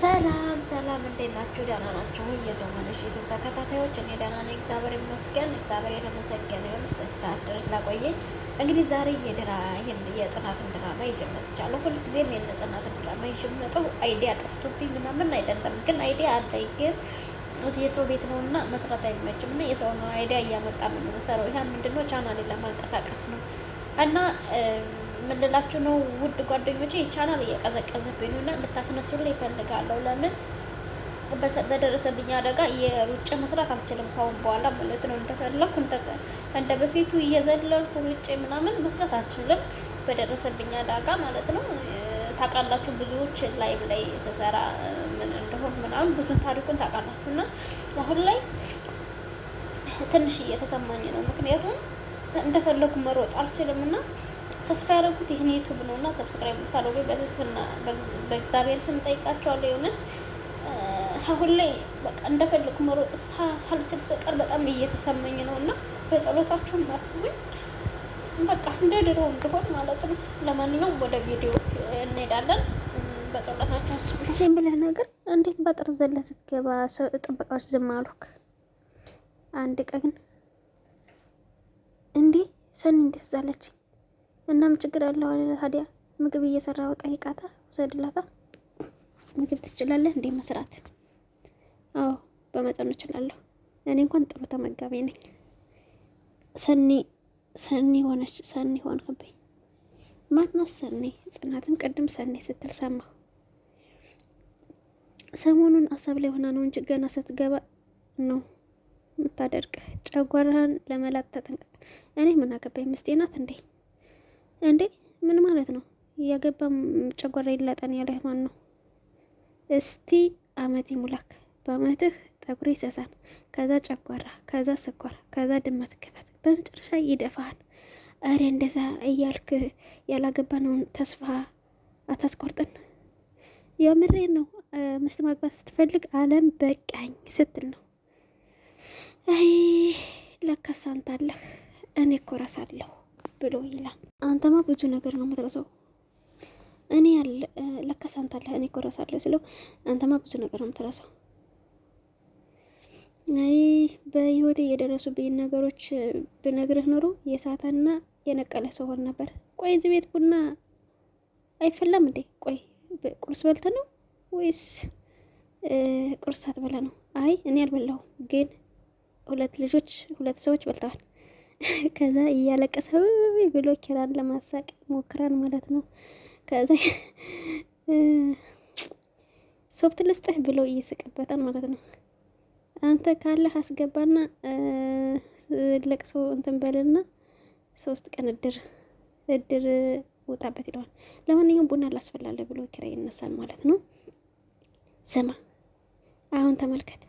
ሰላም ሰላም፣ እንዴት ናችሁ? ደህና ናችሁ? የዘመንሽ ዩቱብ ተከታታዮች እኔ ደህና ነኝ፣ እግዚአብሔር ይመስገን። እግዚአብሔር የተመሰገነ ይሁን። እስከ ሰዓት ድረስ ላቆየኝ። እንግዲህ ዛሬ የጽናትን ድራማ ይዤ መጥቻለሁ። ሁልጊዜም የእነ ጽናትን ድራማ ይዤ መጠው አይዲያ ጠፍቶብኝ ምናምን አይደለም፣ ግን አይዲያ አለኝ ግን የሰው ቤት ነው እና መስራት አይመችም እና የሰው ነው አይዲያ እያመጣ ነው የምንሰራው። ይህ ምንድነው ቻናሌ ለማንቀሳቀስ ነው እና የምንላችሁ ነው ውድ ጓደኞች ይቻላል እየቀዘቀዘብኝ ነው እና እንድታስነሱልኝ እፈልጋለሁ። ለምን በደረሰብኝ አደጋ የሩጭ መስራት አልችልም ካሁን በኋላ ማለት ነው። እንደፈለኩ እንደ በፊቱ እየዘለልኩ ሩጭ ምናምን መስራት አልችልም በደረሰብኝ አደጋ ማለት ነው። ታውቃላችሁ ብዙዎች ላይቭ ላይ ስሰራ ምን እንደሆን ምናምን ብዙን ታሪኩን ታውቃላችሁ። እና አሁን ላይ ትንሽ እየተሰማኝ ነው፣ ምክንያቱም እንደፈለጉ መሮጥ አልችልም እና ተስፋ ያደረጉት ይህን ዩቱብ ነው እና ሰብስክራይብ ብታደርጉ በእግዚአብሔር ስም ጠይቃቸዋለሁ። የእውነት አሁን ላይ በቃ እንደፈለኩ መሮጥ ሳልችል ስቀር በጣም እየተሰመኝ ነው እና በጸሎታችሁም አስቡኝ። በቃ እንደ ድሮ እንደሆን ማለት ነው። ለማንኛውም ወደ ቪዲዮ እንሄዳለን። በጸሎታችሁ አስቡኝ። ይህም ብለህ ነገር እንዴት በጥር ዘለ ስትገባ ሰው ጥበቃዎች ዝም አሉክ። አንድ ቀን እንዴ ሰኒ እንዴት ዛለችኝ እናም ችግር አለው አለ ታዲያ። ምግብ እየሰራው ጠይቃታ ውሰድላታ። ምግብ ትችላለህ እንዴ መስራት? አዎ በመጠኑ እችላለሁ። እኔ እንኳን ጥሩ ተመጋቢ ነኝ። ሰኒ ሰኒ ሆነች ሰኒ ሆንክብኝ። ማናት ሰኒ? ጽናትም ቅድም ሰኒ ስትል ሰማሁ። ሰሞኑን አሳብ ላይ ሆና ነው እንጂ ገና ስትገባ ነው የምታደርቅ። ጨጓራህን ለመላጥ ተጠንቀቅ። እኔ ምን አገባኝ? ምስቴ ናት እንዴ? እንዴ ምን ማለት ነው? ያገባ ጨጓራ ይላጠን ያለህ ማን ነው? እስቲ አመት ሙላክ በአመትህ ጠጉር ይሰሳል፣ ከዛ ጨጓራ፣ ከዛ ስኳር፣ ከዛ ድመት ክበት፣ በመጨረሻ ይደፋሃል። እረ እንደዛ እያልክ ያላገባ ነውን ተስፋ አታስቆርጥን። የምሬ ነው። ሚስት ማግባት ስትፈልግ አለም በቃኝ ስትል ነው። አይ ለካስ አንተ እኔ እኮ እረሳለሁ። ብሎ ይላል። አንተማ ብዙ ነገር ነው የምትረሳው። እኔ ያለ ለካስ አንተ አለህ እኔ እኮ እረሳለሁ ስለው አንተማ ብዙ ነገር ነው የምትረሳው። አይ በህይወቴ የደረሱብኝ ነገሮች ብነግርህ ኖሮ የሳተና የነቀለ ሰው ሆን ነበር። ቆይ እዚህ ቤት ቡና አይፈላም እንዴ? ቆይ ቁርስ በልተ ነው ወይስ ቁርስ ሳትበላ ነው? አይ እኔ አልበላሁም፣ ግን ሁለት ልጆች ሁለት ሰዎች በልተዋል። ከዛ እያለቀሰ ብሎ ኪራን ለማሳቅ ሞክራል ማለት ነው። ከዛ ሶፍት ልስጥህ ብሎ እየስቅበታል ማለት ነው። አንተ ካለህ አስገባና ለቅሶ እንትን በልና ሶስት ቀን እድር እድር ውጣበት ይለዋል። ለማንኛውም ቡና ላስፈላለ ብሎ ኪራ ይነሳል ማለት ነው። ስማ አሁን ተመልከት፣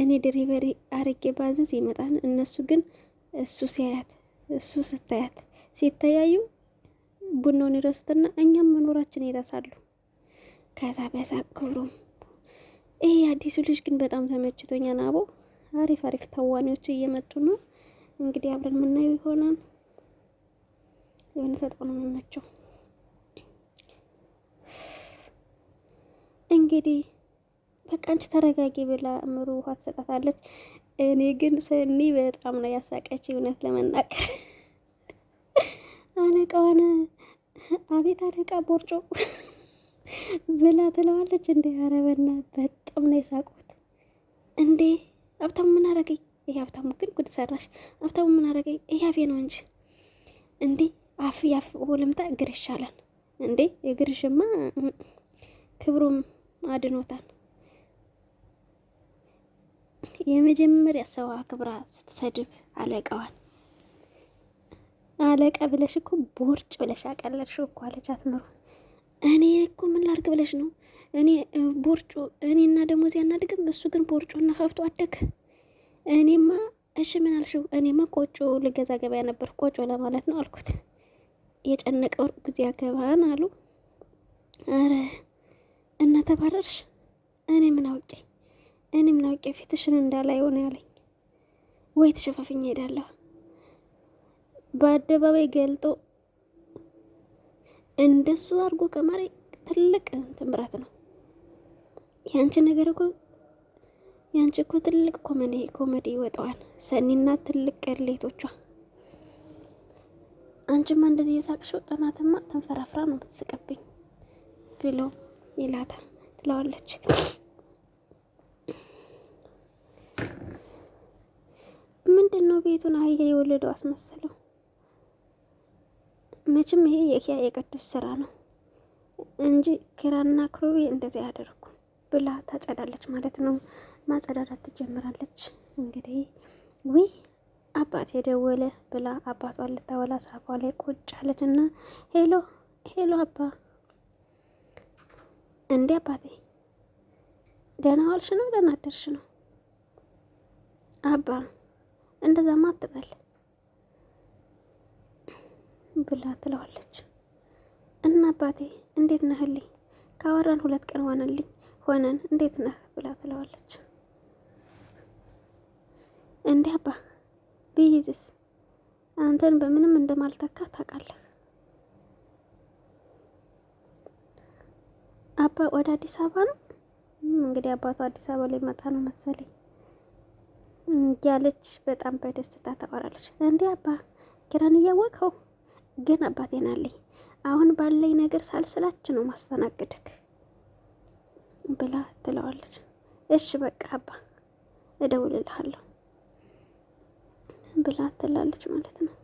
እኔ ድሪቨሪ አርጌ ባዝዝ ይመጣል፣ እነሱ ግን እሱ ሲያያት እሱ ስታያት ሲተያዩ ቡናውን ይረሱትና እኛም መኖራችን ይረሳሉ። ከዛ በሳቅ ክብሩም ይሄ አዲሱ ልጅ ግን በጣም ተመችቶኛ አቦ አሪፍ አሪፍ ተዋናዮች እየመጡ ነው። እንግዲህ አብረን የምናየው ይሆናል። የሆነ በጣም ነው የሚመቸው። እንግዲህ በቃ አንቺ ተረጋጊ ብላ እምሩ ውሃ ትሰጣታለች። እኔ ግን ሰኒ በጣም ነው ያሳቀች። እውነት ለመናገር አለቃዋን አቤት አለቃ ቦርጮ ብላ ትለዋለች። እንደ አረበና በጣም ነው የሳቁት። እንዴ ሀብታሙ ምን አረገኝ? ይህ ሀብታሙ ግን ጉድ ሰራሽ። ሀብታሙ ምን አረገኝ? ይህ አፌ ነው እንጂ እንዴ አፍ ያፍ ወለምታ እግር ይሻላል እንዴ። እግርሽማ ክብሩም አድኖታል። የመጀመሪያ ሰው አክብራ ስትሰድብ አለቃዋን አለቃ ብለሽ እኮ ቦርጭ ብለሽ አቀለልሽው እኮ አለቻት ምሩ። እኔ እኮ ምን ላርግ ብለሽ ነው እኔ ቦርጩ እኔና ደሞዝ ያናድግም፣ እሱ ግን ቦርጩና ከብቶ አደገ። እኔማ እሺ ምን አልሽው? እኔማ ቆጮ ልገዛ ገበያ ነበር ቆጮ ለማለት ነው አልኩት። የጨነቀው ጊዜ አገባን አሉ። አረ እና ተባረርሽ። እኔ ምን አውቄ እኔም ናውቄ ፊትሽን እንዳላይ ሆነ ያለኝ ወይ ተሸፋፍኝ ሄዳለሁ። በአደባባይ ገልጦ እንደሱ አድርጎ ከማሪ ትልቅ ትምራት ነው። የአንቺ ነገር እኮ የአንቺ እኮ ትልቅ ኮሜዲ ኮመዲ ይወጣዋል። ሰኒና ትልቅ ቀሌቶቿ አንቺማ እንደዚህ የሳቅሽው ጥናትማ ተንፈራፍራ ነው የምትስቅብኝ ብሎ ይላታ ትለዋለች። ቤቱን አህያ የወለደው አስመሰለው። መቼም ይሄ የኪያ የቅዱስ ስራ ነው እንጂ ኪራና ክሩቤ እንደዚያ ያደርጉ ብላ ታጸዳለች ማለት ነው። ማጸዳዳት ትጀምራለች። እንግዲህ ውይ አባት የደወለ ብላ አባቷ ልታወላ ሳፏ ላይ ቁጭ አለች እና ሄሎ ሄሎ፣ አባ እንዴ አባቴ ደህና ዋልሽ ነው ደህና አደርሽ ነው አባ እንደዛማ አትበል ብላ ትለዋለች። እና አባቴ እንዴት ነህልኝ? ካወራን ሁለት ቀን ሆነልኝ ሆነን እንዴት ነህ ብላ ትለዋለች። እንዴ አባ ቢይዝስ አንተን በምንም እንደማልተካ ታውቃለህ። አባ ወደ አዲስ አበባ ነው እንግዲህ አባቱ አዲስ አበባ ላይ መጣ ነው መሰለኝ ያለች በጣም በደስታ ታወራለች። እንዴ አባ ኪራን እያወቀው ግን አባቴን አለኝ አሁን ባለኝ ነገር ሳልስላች ነው ማስተናገድክ ብላ ትለዋለች። እሺ በቃ አባ እደውልልሃለሁ ብላ ትላለች ማለት ነው።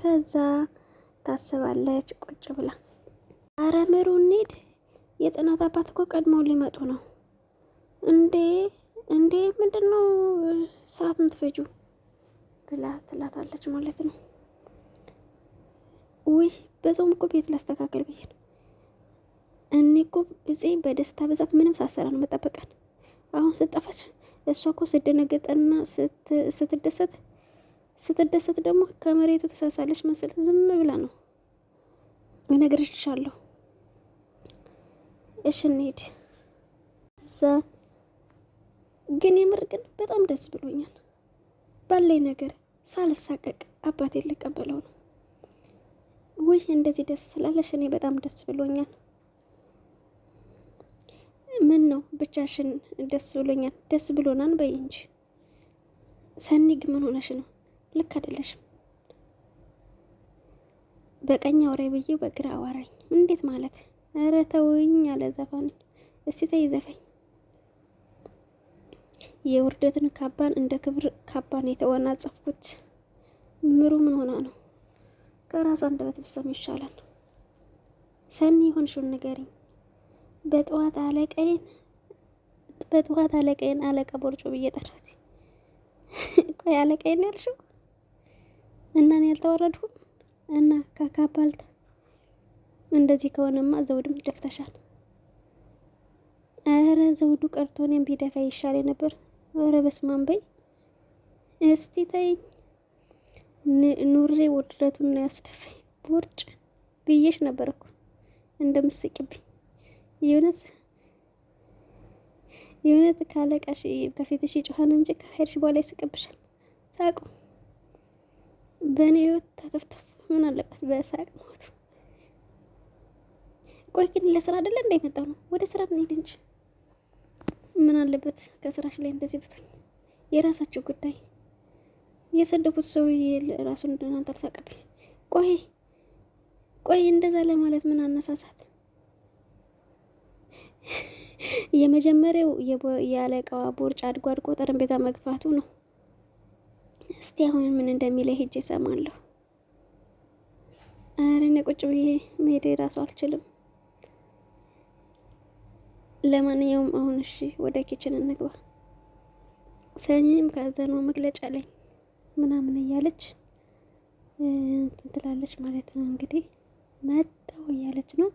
ከዛ ታስባለች ቁጭ ብላ። አረ ምሩ እንሂድ፣ የጽናት አባት እኮ ቀድመው ሊመጡ ነው እንዴ እንዴ ምንድን ነው ሰዓት የምትፈጁ ብላ ትላታለች ማለት ነው። ውይ በዛውም እኮ ቤት ላስተካከል ብዬ ነው። እኔ እኮ እጼ በደስታ ብዛት ምንም ሳሰራ ነው መጠበቀን? አሁን ስጠፋች እሷ እኮ ስደነገጠና ስትደሰት ስትደሰት ደግሞ ከመሬቱ ተሳሳለች መስል ዝም ብላ ነው እነግርሻለሁ። እሽ ዛ ግን የምር ግን በጣም ደስ ብሎኛል። ባለኝ ነገር ሳልሳቀቅ አባት ልቀበለው ነው። ውይ እንደዚህ ደስ ስላለሽ እኔ በጣም ደስ ብሎኛል። ምን ነው ብቻሽን? ደስ ብሎኛል። ደስ ብሎናን በይ እንጂ ሰኒግ፣ ምን ሆነሽ ነው? ልክ አይደለሽም። በቀኝ አውሬ ብዬ በግራ አዋራኝ እንዴት ማለት? ኧረ ተውኝ አለ ዘፋኝ። እስቲ ተይ ዘፈኝ የውርደትን ካባን እንደ ክብር ካባን የተወናጸፍኩት ምሩ ምን ሆና ነው? ከራሱ አንደበት ብትሰሚ ይሻላል። ሰኒ የሆንሽውን ንገሪኝ። በጠዋት አለቀይን በጠዋት አለቃዬን አለቃ ቦርጮ ብዬ ጠራት። ቆይ አለቃዬን ያልሽው እና እኔ ያልተዋረድኩም እና ካካባልታ እንደዚህ ከሆነማ ዘውድም ደፍተሻል። አረ ዘውዱ ቀርቶ እኔም ቢደፋ ይሻል ነበር። ኧረ በስመ አብ በይ እስቲ ተይኝ። ኑሬ ውድረቱን ነው ያስደፈኝ። ቦርጭ ብዬሽ ነበር እኮ እንደምስቅብኝ። የእውነት የእውነት ካለቃሽ ከፊትሽ ይጮሃል እንጂ ከሄድሽ በኋላ ይስቅብሻል። ሳቁ በእኔ ህይወት ተተፍተፉ። ምን አለበት በሳቅ ሞቱ። ቆይ ግን ለስራ አይደለ እንደ መጣው ነው። ወደ ስራ እንሂድ እንጂ ምን አለበት ከስራሽ ላይ እንደዚህ ብትሆኝ? የራሳችሁ ጉዳይ። የሰደቡት ሰውዬ ራሱን እንደናንተ አልሳቀብ። ቆይ ቆይ፣ እንደዛ ለማለት ምን አነሳሳት? የመጀመሪያው የአለቃዋ ቦርጭ አድጎ አድጎ ጠረጴዛ መግፋቱ ነው። እስቲ አሁን ምን እንደሚለ ሄጄ እሰማለሁ። አረ እኔ ቁጭ ብዬ መሄድ ራሱ አልችልም። ለማንኛውም አሁን እሺ ወደ ኪችን እንግባ። ሰኒም ከዘኗ መግለጫ ላይ ምናምን እያለች እንትን ትላለች ማለት ነው። እንግዲህ መጣው እያለች ነው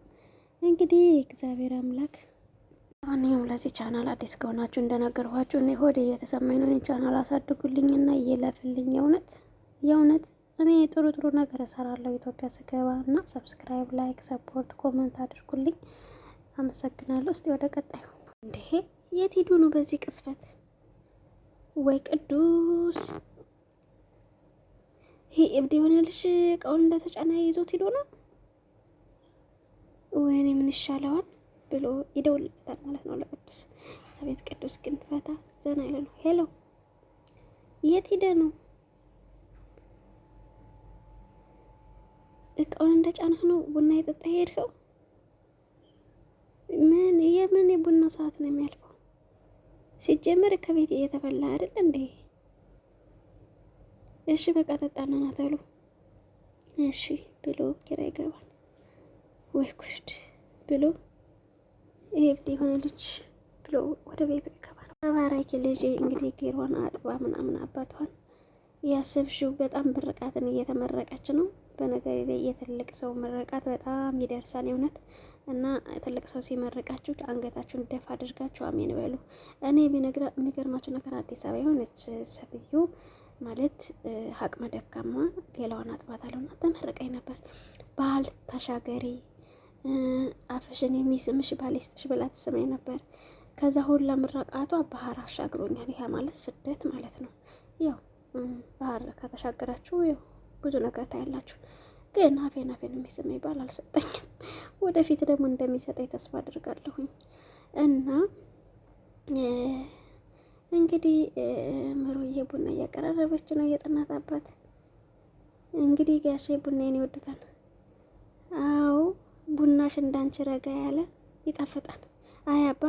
እንግዲህ እግዚአብሔር አምላክ ማንኛውም ለዚህ ቻናል አዲስ ከሆናችሁ እንደነገርኋችሁ እኔ ሆድ እየተሰማኝ ነው። ይህን ቻናል አሳድጉልኝና እየለፍልኝ የእውነት የእውነት እኔ ጥሩ ጥሩ ነገር እሰራለሁ ኢትዮጵያ ስገባ እና ሰብስክራይብ፣ ላይክ፣ ሰፖርት፣ ኮመንት አድርጉልኝ። አመሰግናለሁ። እስቲ ወደ ቀጣዩ እንዴ፣ የት ሄዱ ነው በዚህ ቅስፈት? ወይ ቅዱስ ይሄ እብድ የሆነ ልጅ እቃውን እንደተጫና ይዞት ሄዶ ነው። ወይኔ ምን ይሻለዋል ብሎ ይደውልበታል ማለት ነው ለቅዱስ። አቤት ቅዱስ ግን ፈታ ዘና ይለ ነው። ሄሎ የት ሄደ ነው? እቃውን እንደጫና ነው ቡና የጠጣ ሄድከው? ምን የምን የቡና ሰዓት ነው የሚያልፈው? ሲጀመር ከቤት እየተበላ አይደል እንዴ? እሺ በቃ ጠጣና ተሉ እሺ ብሎ ኪራ ይገባል። ወይ ጉድ ብሎ ይሄ የሆነ ልጅ ብሎ ወደ ቤቱ ይገባል። ተባራኪ ልጅ እንግዲህ ጌሯን አጥባ ምናምን አባቷን ያሰብሽው በጣም ብርቃትን እየተመረቀች ነው። በነገር ላይ የትልቅ ሰው መረቃት በጣም ይደርሳል የእውነት እና ትልቅ ሰው ሲመረቃችሁ አንገታችሁን ደፍ አድርጋችሁ አሜን በሉ። እኔ የሚገርማችሁ ነገር አዲስ አበባ የሆነች ሴትዮ ማለት አቅመ ደካማ ገላዋን አጥባታለሁና ተመረቀኝ ነበር። ባህል ተሻገሪ አፍሽን የሚስምሽ ባል ይስጥሽ ብላ ትስመኝ ነበር። ከዛ ሁላ ምርቃቷ ባህር አሻግሮኛል። ይሄ ማለት ስደት ማለት ነው። ያው ባህር ከተሻገራችሁ ያው ብዙ ነገር ታያላችሁ። ግን አፌን አፌን የሚስም ይባል አልሰጠኝም። ወደፊት ደግሞ እንደሚሰጠኝ ተስፋ አድርጋለሁኝ እና እንግዲህ ምሩዬ ቡና እያቀራረበች ነው። የጽናት አባት እንግዲህ ጋሼ ቡናዬን ይወዱታል። አዎ ቡናሽ እንዳንቺ ረጋ ያለ ይጣፍጣል። አያባ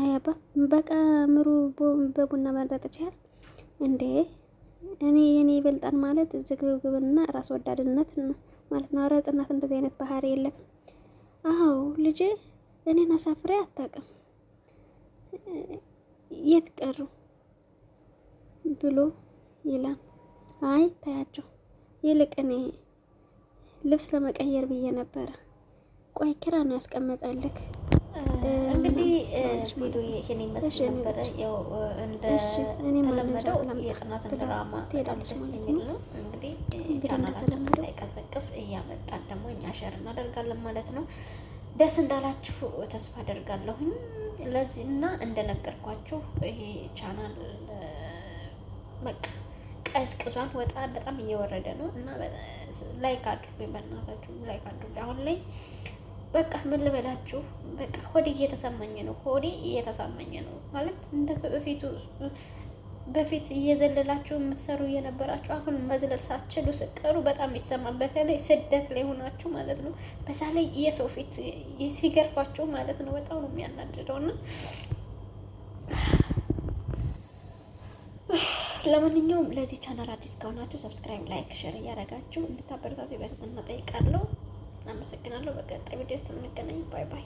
አያባ በቃ ምሩ በቡና መረጥ ይችላል እንዴ? እኔ የኔ ይበልጣል ማለት ዝግብግብና ራስ ወዳድነት ነው ማለት ነው። ኧረ እንደዚህ አይነት ባህሪ የለትም። አዎ ልጅ እኔን አሳፍሬ አታውቅም። የት ቀሩ ብሎ ይላል። አይ ታያቸው፣ ይልቅ እኔ ልብስ ለመቀየር ብዬ ነበረ። ቆይ ኪራ ነው ያስቀመጠልክ እንግዲህ ቪዲዮ ይሄን ይመስል ነበረ። ያው እንደተለመደው የጽናት ድራማ ደስ የሚል ነው። እንግዲህ ቻናላችን እንዳይቀዘቅዝ እያመጣን ደግሞ እኛ ሸር እናደርጋለን ማለት ነው። ደስ እንዳላችሁ ተስፋ አደርጋለሁኝ። ለዚህ እና እንደነገርኳችሁ ይሄ ቻናል በቃ ቀዝቅዟል። ወጣ በጣም እየወረደ ነው እና ላይክ አድርጉ፣ በእናታችሁ ላይክ አድርጉ አሁን ላይ በቃ ምን ልበላችሁ፣ በቃ ሆዴ እየተሰማኝ ነው። ሆዴ እየተሰማኝ ነው ማለት እንደ በፊቱ በፊት እየዘለላችሁ የምትሰሩ እየነበራችሁ አሁን መዝለል ሳትችሉ ስቀሩ በጣም ይሰማል። በተለይ ስደት ላይ ሆናችሁ ማለት ነው። በዛ ላይ የሰው ፊት ሲገርፋችሁ ማለት ነው። በጣም ነው የሚያናድደው እና ለማንኛውም ለዚህ ቻናል አዲስ ከሆናችሁ ሰብስክራይብ፣ ላይክ፣ ሸር እያደረጋችሁ እንድታበረታቱ በትህትና እጠይቃለሁ። አመሰግናለሁ። በቀጣይ ቪዲዮ እስከምንገናኝ ባይ ባይ።